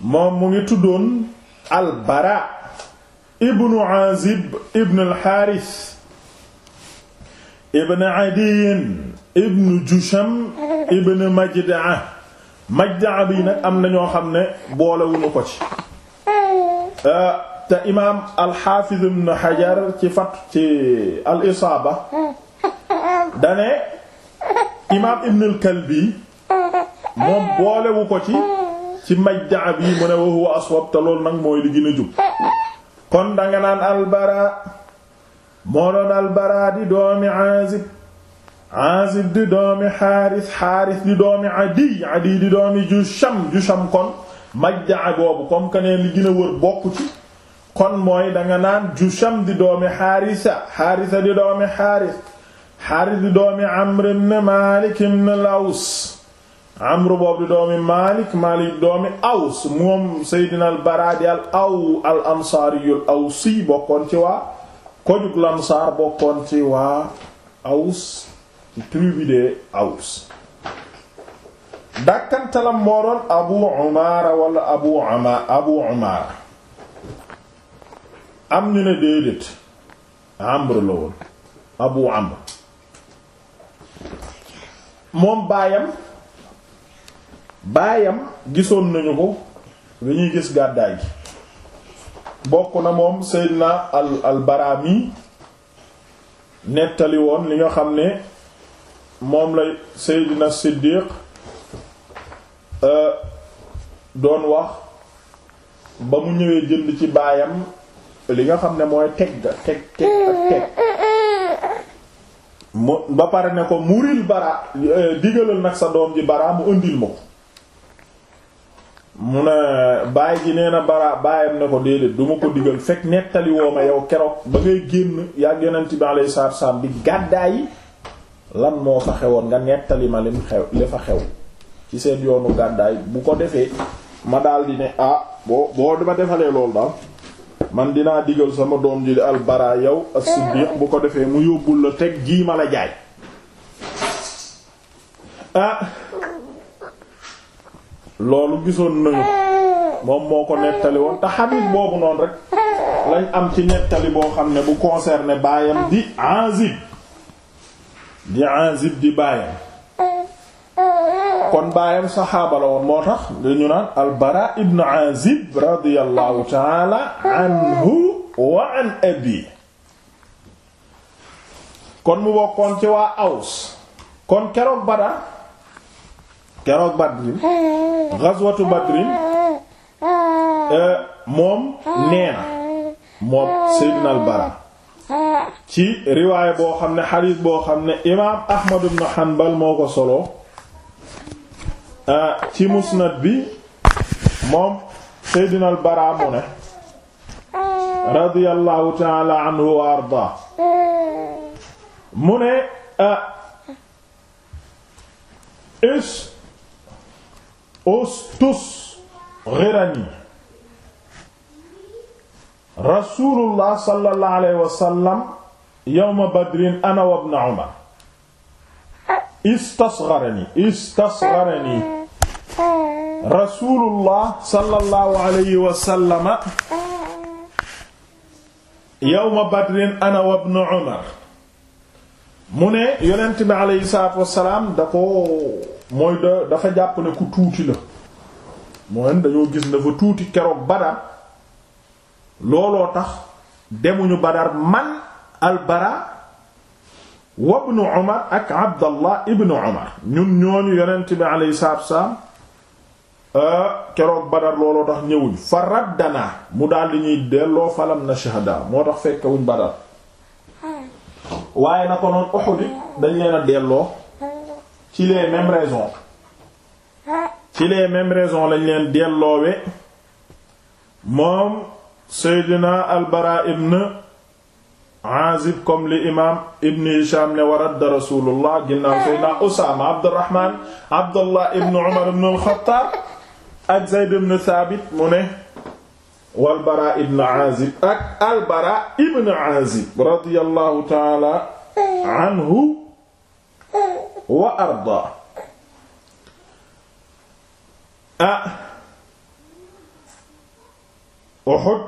moom mu ngi tuddoon albara ibnu azib ibnu alxaaris ibnu adiyin ibnu jusham ibnu majdaa majdaa bi nag am na ñoo xam ne boolewuñu ko ci euh, te imaam alxaafiz ibnu xajar ci fat ci al isaaba imaam ibnu alkalbi moom boolewu ko ci ci majjaa bi mu ne wa huwa te loolu nag mooy li gën a jub kon danga naan albara moo doon albara di doomi azib azib di doomi xaaris xaaris di doomi adiy adiy di doomi jusham jusham kon majjaa boobu comme que ne li gën a wër bokku ci kon mooy danga naan jusham di doomi xaarisa xaarisa di doomi xaaris xaaris di doomi amr ibn malik amru boobu di doomi Malik Malik doomi Aws moom Seydina al Baraadi al aw al ansaariyul awsi bokkoon ci waa kojug lansaar bokkoon ci waa Aws ci tribu dàkkantalam moo doon Abu Umaara wala Abu Umaara am ñu ne déedéet Amr la woon Abu Amr moom baayam baayam gisoon nañu ko li ñuy gis gàddaay gi bokk na moom Seydina al al Barami nettali woon li nga xam ne moom la Seydina Siddiq euh, doon wax ba mu ñëwee jënd ci baayam li nga xam ne mooy teg ga teg teg ak teg mu ba pare ne ko muril bara euh, digalal nag sa doom ji bara mu ëndil ma ko mu ne bàyyi ji nee na bara baayam ne ko déedéet du ma ko digal fekk nettali woo ma yow keroog ba ngay génn yàgg yonent bi alayhi salaatu salaam bi gàddaay lan moo fa xewoon nga nettali ma lim xew li fa xew ci seen yoonu gàddaay bu ko defee ma daal di ne ah boo boo dama defalee loolu daal man dinaa digal sama doom ji di albara yow as-Siddiq bu ko defee mu yóbbul la teg jii ma la jaay ah, loolu gisoon nañu moom moo ko nettali woon te xadiis boobu noonu rek lañ am ci nettali boo xam ne bu concerné baayam di Azib di Azib di baayam kon baayam saxaaba la woon moo tax dañu naan al-Bara ibn Azib radiyallahu ta'ala anhu wa an abi kon mu bokkoon ci waa Aws kon keroog Badar keroog Badrin ghazwatu Badrin eh, eh, moom nee na Seydina al Bara ci riwaay boo xam ne xadiis boo xam ne imaam Ahmad ibn Hanbal moo ko solo eh, ci musnad bi moom Seydina al Bara mu ne radiyallahu mu ne is ustus xirani rasulullah sallallahu alayhi wa sallam yawma badrin ana wa ibn umar istasgarani istasgarani rasulullah sallallahu alayhi wa sallama yawma badrin ana wa ibn umar mu ne yonent bi alayhi salaatu wa salaam da ko mooy da dafa jàpp ne ku tuuti la mooy dañoo gis dafa tuuti keroog Badar looloo tax demuñu Badar man al-Bara wa ibnu Umar ak Abdallah ibnu Umar ñun ñooñu yonent bi alayhi salaatu wasalaam euh, keroog Badar looloo tax ñëwuñ fa raddanaa mu daal di ñuy delloo falam na shahada moo tax fekkewuñ Badar waaye na ko noon Uhud dañ leen delloo ci les mêmes raisons ci les leen delloowe moom Seydina al ibn Azib comme li imaam Ibn Hisham ne waradda Rasulullah ginnaaw Seydina Usaama Abdullah ibn Umar ibn al-Khattab ibn Thabit mu ne wal ibn Azib ak al ibn Azib radiyallahu ta'ala anhu wa arda ah Uhud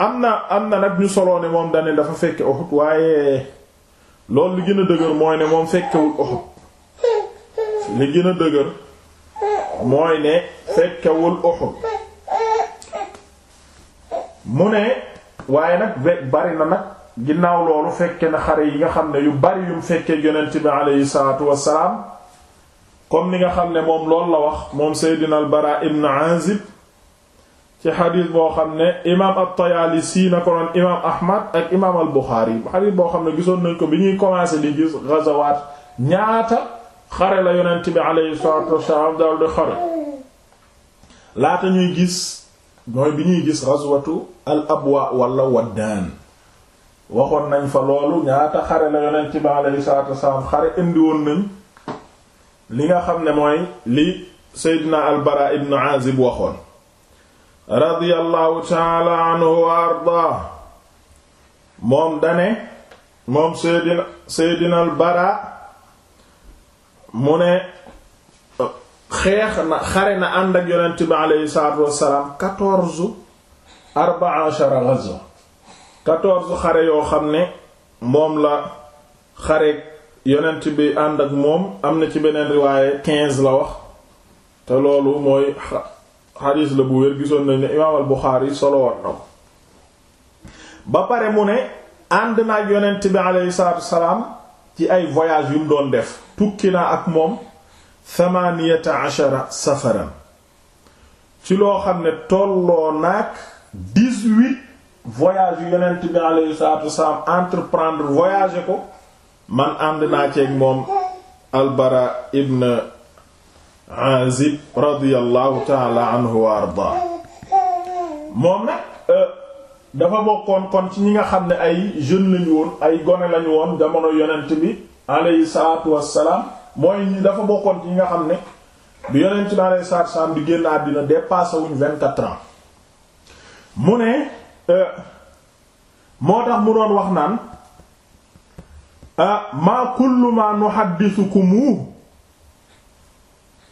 am na am na nag ñu soloo ne moom dane dafa fekke Uhud waaye loolu li gën a dëgër mooy ne moom fekkewul Uhud li gën a dëgër mooy ne fekkewul Uhud mu ne waaye nag bari na nag ginnaaw loolu fekke na xare yi nga xam ne yu bari yum fekkee yonent bi aleyhi salaatu wassalaam comme ni nga xam ne moom loolu la wax moom seydina al bara ibn azib ci xadis boo xam ne imaam at-Tayaalisi na ko noon imaam ahmad ak imaam al buxaari xadis boo xam ne gisoon nañ ko bi ñuy commencé di gis gazawaat ñaata xare la yonent bi aleyhi salaatu wassalaam daal di xare laata ñuy gis mooy bi ñuy gis gazwatu al abwa wala waddaan waxoon nañ fa loolu ñaata xare na yonent bi alayhi salaatu wasalaam xare indi woon nañ li nga xam ne mooy li Seydina Al-Bara ibn Azib waxoon radiyallahu taala anhu wa ardaa moom dane moom Seydina Seydina Al-Bara mu ne xeex na xare na ànd ak yonent bi alayhi salaatu wasalaam quatorze arba'a ashara ghazwa quatorze xare yoo xam ne moom la xare yonent bi ànd ak moom am na ci beneen riwaaye quinze la wax te loolu mooy xadiis la bu wér gisoon nañ ne imaam al na ko ba pare mu ne ànd naa ak yonent bi alayhi salaatu wassalaam ci ay voyage yum doon def tukki naa ak moom thamaniyata ashara safaran ci loo xam ne tolloo naag dix-huit voyage yu yonent bi alayhi salaatu wasalaam entreprendre voyager ko man ànd naa ceeg moom albara ibn azib radiallahu taala anhu wa ardaa moom nag euh, dafa bokkoon kon ci ñi nga xam ne ay jeune lañu woon ay gone lañu woon jamono yonent bi alayhi salaatu wassalaam mooy ñi dafa bokkoon ci ñi nga xam ne bi yonent bi alayhi salaatu wassalaam di génn àddina dépassé wuñ vingt-quatre ans mu ne Euh, moo tax mu doon wax naan euh, maa kullu ma nuhaddithukumu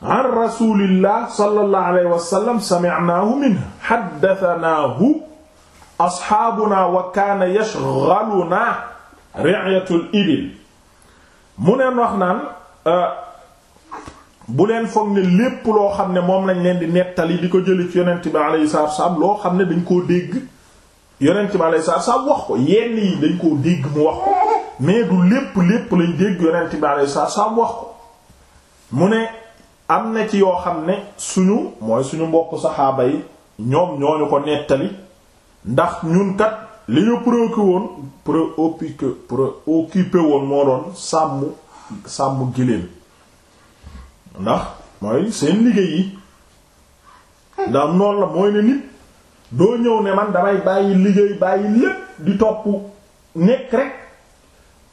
an rasulillah sallallahu alayhi wa sallam sami'nahu minhu haddathanaahu asxaabuna wa kaana yashghaluna ri'yatul ibil mu neen wax naan euh, bu leen foog ne lépp loo xam ne moom lañ leen di nettali di ko jëli fi yonent bi alayhi salaam loo xam ne dañ koo dégg yonent bi alayhi salaatu salaam wax ko yenn yi dañ koo dégg mu wax ko mais du lépp lépp lañ dégg yonent bi alayhi salaatu salaam wax ko mu ne am na ci yoo xam ne suñu mooy suñu mbokk saxaaba yi ñoom ñooñu ko nettali ndax ñun kat li ñu préoccupé woon woon moo doon sàmm sàmm giléem ndax mooy seen liggéey yi ndax noonu la mooy ne nit doo ñëw ne man damay bàyyi liggéey bàyyi lépp di topp nekk rek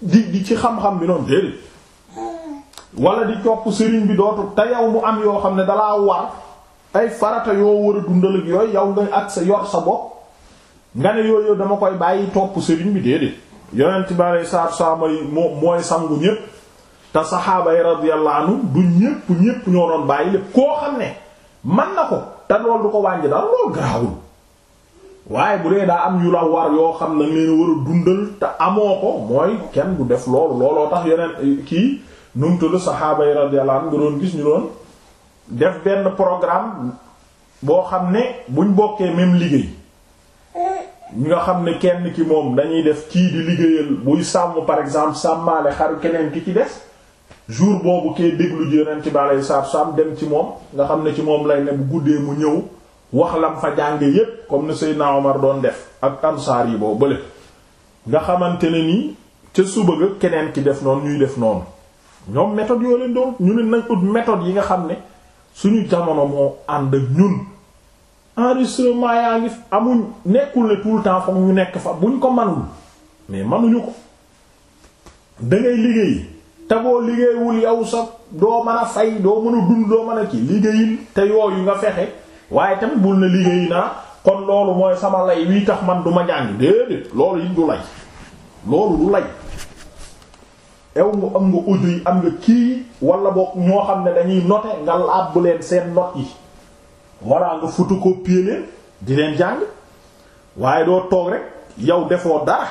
di di ci xam-xam bi noonu déedéet wala di topp sëriñ bi dootul te yow mu am yoo xam ne dalaa war ay farata yoo war a dundal ak yooyu yow nga ak sa yor sa bopp nga ne yooyu dama koy bàyyi topp sëriñ bi déedéet yonent bi alei salatu salaam mooy sangu ñépp te saxaaba yi du ñépp ñépp ñoo doon bàyyi lépp koo xam ne man na ko te loolu du ko wàññi daal loolu garaawul waaye bu dee daa am yu la war yoo xam ne leen war a dundal te amoo ko mooy kenn du def loolu looloo tax yeneen eh, kii numtulu saxaaba yi radiyallahu anhu nga doon gis ñu doon def benn programme boo xam ne buñ bokkee même liggéey ñu eh. nga xam ne kenn ki moom dañuy def kii di liggéeyal buy sàmm par exemple sàmmaale xar keneen ki ci des jour boobu kee déglu ji yonent bi alayhi salaatu salaam dem ci moom nga xam ne ci moom lay ne bu guddee mu ñëw wax lam fa jànge yépp comme ni Seydina Omar doon def ak ansaar yi boo bële nga xamante ne nii ca suba ga keneen ki def noonu ñuy def noonu ñoom méthode yoo leen doon ñu ne nañ ut méthode yi nga xam ne suñu jamono moo ànd ak ñun enregistrement yaa ngi amuñ nekkul ne tout le temps foog ñu nekk fa buñ ko manul mais manuñu ko dangay liggéey te liggéeyul yow sax doo mën a fay doo mën a dund doo mën a ci liggéeyil te yooyu nga fexe waaye tamit bu na liggéey naa kon loolu mooy sama lay wii tax man duma ma jàng déedéet loolu yi du lay loolu du lay ew mu am nga audio yi am nga kii wala boog ñoo xam ne dañuy note nga làbb leen seen not yi waraa nga photocopier leen di leen jàng waaye doo toog rek yow defoo dara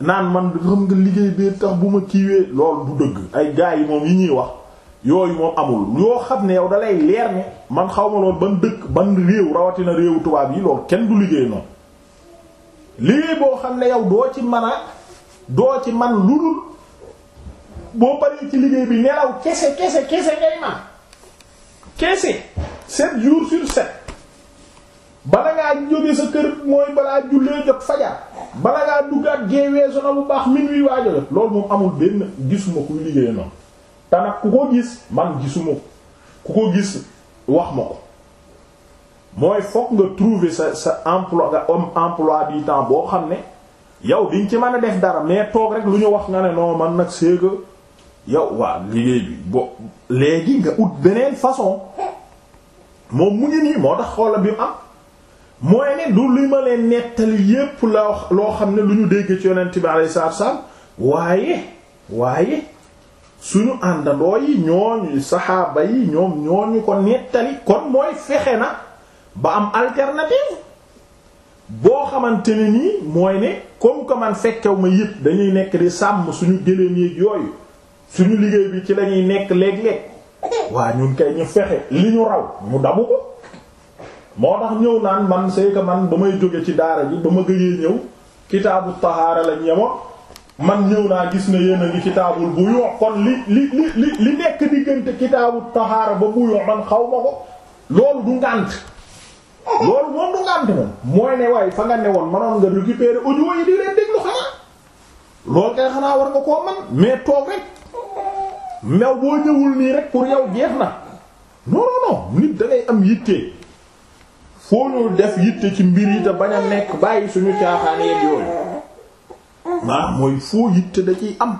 naan man xam nga liggéey bee tax bu ma kiiwee loolu du dëgg ay gaa yi moom yi ñuy wax yooyu moom amul yoo xam ne yow dalay leer ne man xaw ma loolu ban dëkk ban réew rawatina réewu tubaab yi loolu kenn du liggéey noonu liggéey boo xam ne yow doo ci mën a doo ci man lu dul boo paree ci liggéey bi nelaw kese kese kese ngay man kese sept jours sur sept bala ngaa jóge sa kër mooy balaa jullee jot fajar bala ngaa duggaat géewee sona bu baax min wi waajo loolu moom amul benn gisuma kuy liggéey noonu te ku ko gis man gisuma ko ku ko gis wax ma ko mooy fokk nga trouver sa sa emploi nga am emploi temps boo xam ne yow diñ ci mën a def dara mais toog rek lu ñu wax nga ne non man nag c'est yow waa liggéey bi bo léegi nga ut beneen façon moom mu ngi nii moo tax xoola bi mu am mooy ne du li ma leen nettali yépp la loo xam ne lu ñu dégg ci yonent bi alayhi salaatu wa salaam waaye waaye suñu àndandoo yi ñooñu saxaaba yi ñoom ñooñu ko nettali kon mooy fexe na ba am alternative boo xamante ne nii mooy ne comme que man fekkew ma yëpp dañuy nekk di sàmm suñu gëléem yi yooyu suñu liggéey bi ci lañuy nekk léeg-léeg waa ñun kay ñu fexe li ñu raw mu dabu ko moo tax ñëw naan man c'est que man ba may jóge ci daara ji ba ma gëjee ñëw kitaabu tahaara lañ yemoon man ñëw naa gis ne yéen a ngi kitaabul bu yoo kon li li li li li nekk diggante kitaabul tahaara ba bu yoo man xaw ma ko loolu du ngànt loolu moom du ngànt moom mooy ne fa nga ne woon manoon nga récupérer audio yi di leen déglu xanaa loolu kay xanaa war nga koo man mais toog rek boo ñëwul nii rek pour yow jeex na non non non nit da ngay am yitte foo ñu def yitte ci mbir yi te bañ nekk bàyyi suñu caaxaan yeen yooyu maa mooy foo yitte da ciy am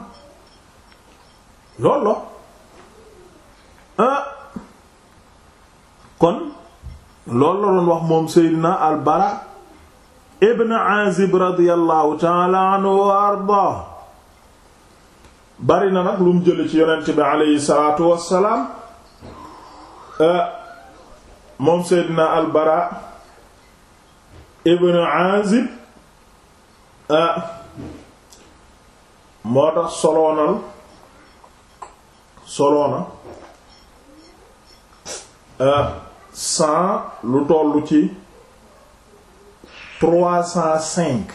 loolu la ah. kon loolu la doon wax moom Seydina al ibn Azib radiyallahu ta'ala anhu wa ardaa bari na nag lu jële ci yonent bi aleyhi salaatu wassalaam ah. moom Seydina al-Bara ibn Azib ah. moo tax soloonal soloona euh, cent lu tollu ci trois cent cinq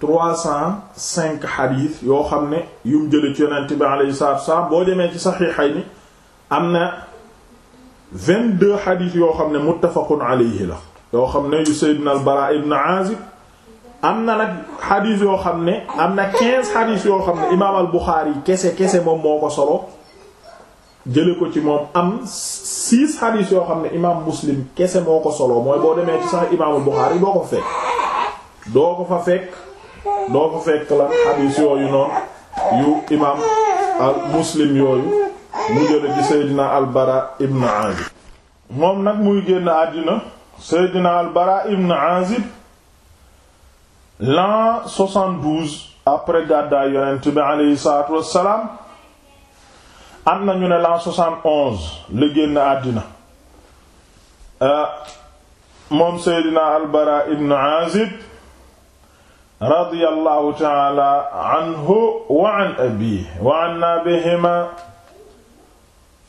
trois cent cinq xadiis yoo xam ne yum jële ci yonent bi alayhi salaatu boo demee ci saxiixayni am na vingt-deux xadiis yoo xam ne muttafaqun alayhi la yoo xam ne yu na al-Baraa ibn Aazib am na xadiis yoo xam ne am na xam ne imaam al Buxaari kese kese moom moo ko solo jële ko ci moom am six xadiis yoo xam ne imaam Muslim kese moo ko solo mooy boo demee sax imaamul Buxaari doo ko fekk doo ko fa fekk la xadiis yooyu noonu yu imaam al Muslim yooyu mu jële ci Seydina al Bara ibn Azib moom nag muy génn àddina Seydina al Bara ibn Azib l'an 72 après gàddaay yonent bi aleyhi salaatu wassalaam am na ne l'an 71 la àddina euh, moom seydina albara ibn azib radiyallahu taala anhu wa an abihi wa anna bihima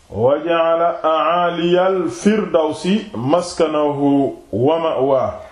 wa ja'ala a'aliyal firdawsi wa